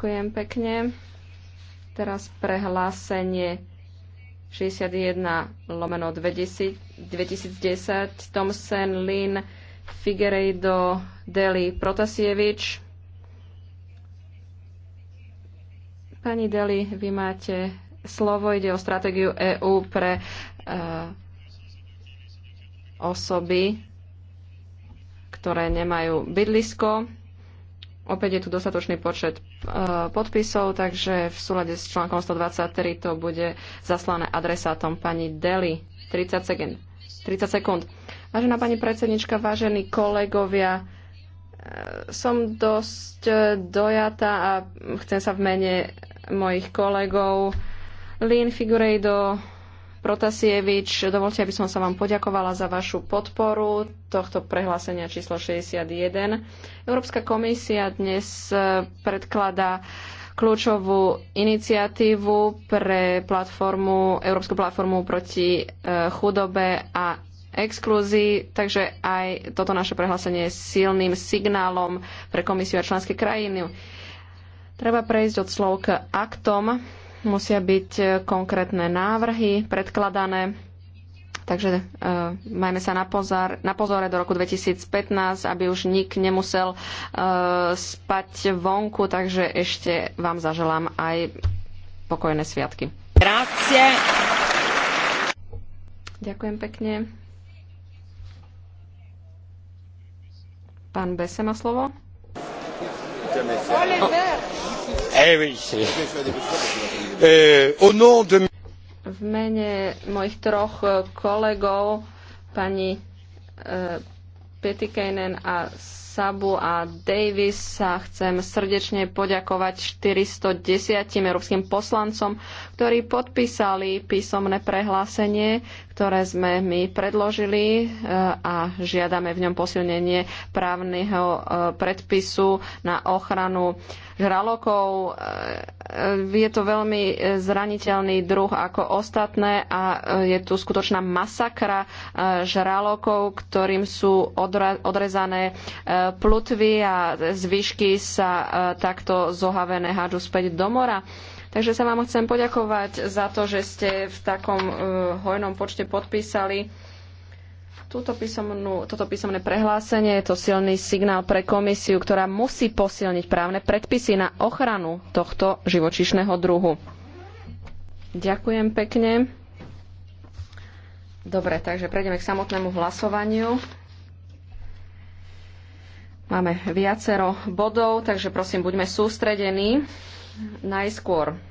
Ďakujem pekne. Teraz prehlásenie 61 lomeno 2010 Tomsen, Lin, Figueiredo, Deli, Protasievič. Pani Deli, vy máte slovo, ide o stratégiu EÚ pre uh, osoby, ktoré nemajú bydlisko. Opäť je tu dostatočný počet eh, podpisov, takže v súlade s článkom 123 to bude zaslané adresátom pani Deli. 30 sekúnd. 30 sekúnd. Vážená pani predsednička, vážení kolegovia, eh, som dosť eh, dojata a chcem sa v mene mojich kolegov Lynn Figureido, Protasievič, dovolte, aby som sa vám poďakovala za vašu podporu tohto prehlásenia číslo 61. Európska komisia dnes e, predkladá kľúčovú iniciatívu pre platformu, Európsku platformu proti e, chudobe a exkluzii, takže aj toto naše prehlásenie je silným signálom pre komisiu a členské krajiny. Treba prejsť od slov k aktom Musia byť e, konkrétne návrhy predkladané, takže e, majme sa na, pozor, na pozore do roku 2015, aby už nik nemusel e, spať vonku, takže ešte vám zaželám aj pokojné sviatky. Grazie. Ďakujem pekne. Pán Bese má slovo. Eh euh, v mene mojich troch eh, kolegov, pani eh, Petikainen a Sabu a Davis sa chcem srdečne poďakovať 410 európskym poslancom, ktorí podpísali písomné prehlásenie, ktoré sme my predložili eh, a žiadame v ňom posilnenie právneho eh, predpisu na ochranu žralokov, eh, je to veľmi e, zraniteľný druh ako ostatné a e, je tu skutočná masakra e, žralokov, ktorým sú odrezané plutvy a zvyšky sa takto zohavené hádžu späť do mora. Takže sa vám chcem poďakovať za to, že ste v takom hojnom počte podpísali Túto písomnú, toto písomné prehlásenie je to silný signál pre komisiu, ktorá musí posilniť právne predpisy na ochranu tohto živočíšneho druhu. Ďakujem pekne. Dobre, takže prejdeme k samotnému hlasovaniu. Máme viacero bodov, takže prosím, buďme sústredení. Najskôr